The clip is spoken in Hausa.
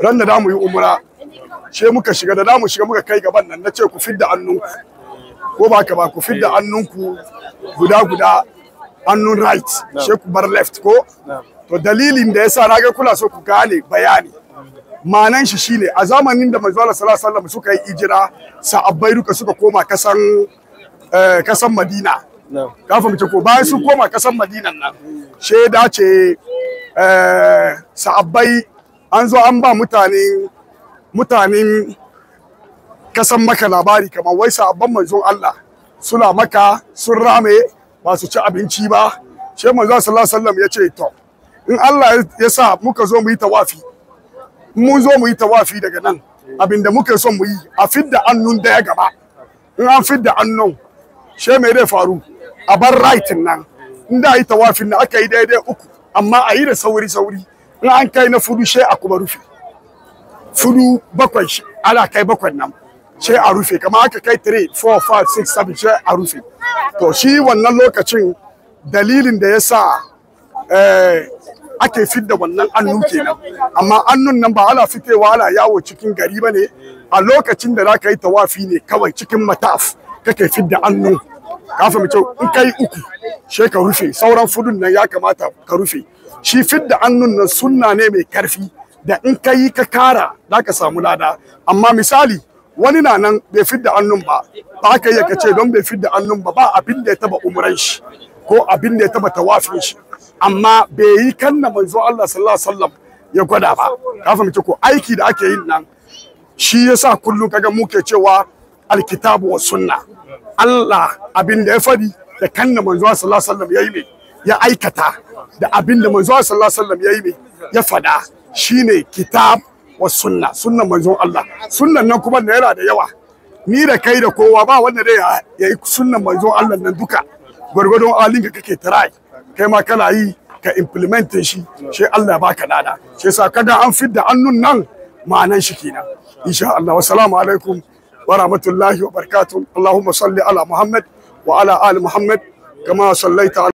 ran da za mu yi umra she muka shiga da za mu shiga muka kai gaban nan na ce ku fidda hannunku ko ba ka ba ku fidda hannunku guda guda hannun right she ku bar left ko to dalilin da yasa na ga kula so ku gane bayani manan shi shine a zamanin da manzo Allah sallallahu alaihi wasallam suka yi ijira sa'abbai duka suka koma kasan eh, kasan Madina ka fahimci ko bayan su koma kasan Madinan nan she dace eh, sa'abbai an zo an ba mutane mutanen kasan maka labari kamar wai sabon manzon Allah suna maka sun rame ba su ci abinci ba shi manzo sallallahu alaihi wasallam ya ce to in Allah ya sa muka zo mu yi tawafi mun zo mu yi tawafi daga nan abinda muka son mu yi a fidda annun daya gaba in an fidda annun she me dai faru a bar right nan inda da yi tawafin nan aka yi daidai uku amma a yi da sauri sauri in an kai na fudu sai a rufe fudu bakwai shi ala kai bakwai nan sai a rufe kamar aka kai 3 4 5 6 7 sai a rufe to shi wannan lokacin dalilin da ya sa eh, ake fidda wannan annu kenan amma annun nan ba ala fitewa ala yawo cikin gari ba ne a lokacin da za ka yi tawafi ne kawai cikin mataf kake fidda annu kafa mu ce in kai uku she ka rufe sauran fudun nan ya kamata ka rufe shi fidda annun nan sunna ne mai karfi da in ka yi ka kara za ka samu lada amma misali wani na nan bai fidda annun ba ba ka yi ka ce don bai fidda annun ba ba abin da ya taba umran shi ko abin da ya taba tawafin shi amma bai yi kanna manzo Allah sallallahu alaihi wasallam ya gwada ba ka fahimci ko aiki da ake yin nan shi yasa kullum kaga muke cewa alkitabu wa sunna Allah abin da ya fadi da kan da manzo sallallahu alaihi wasallam yayi ne ya aikata da abin da manzo sallallahu alaihi wasallam yayi ne ya fada shine kitab wa sunna sunnan manzo Allah sunnan nan kuma yana da yawa ni da kai da kowa ba wanda dai yayi sunnan manzo Allah nan duka gurgurdon alin ka kake try kai ma kana yi ka implement shi She Allah baka dada. she sa kaga an fidda annun nan ma'anan shi kenan insha Allah salamu alaikum wa rahmatullahi wa barakatuh Allahumma salli ala muhammad وعلى آل محمد كما صليت على